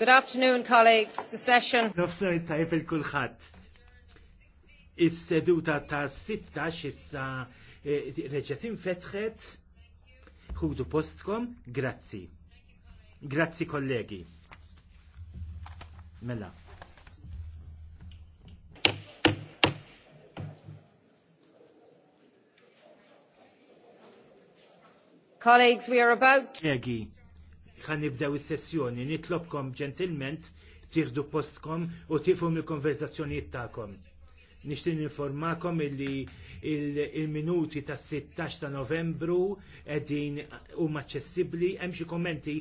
Good afternoon, colleagues. The session. Nofsar tajb il-kulħat. Is-seduta ta' 16 issa e, reġetin fetħet Ħudu postkom, grazzi. Grazzi kollegi. Mela. Colleagues, we are about... Kollegi, ħan nibdew is-sessjoni, nitlobkom ġentilment tieħdu postkom u tifhom il-konverzazzjonijiet tagħkom. Nixtieq ninformakom illi il-minuti tas-16 ta' Novembru qegħdin huma aċċessibbli hemm xi kommenti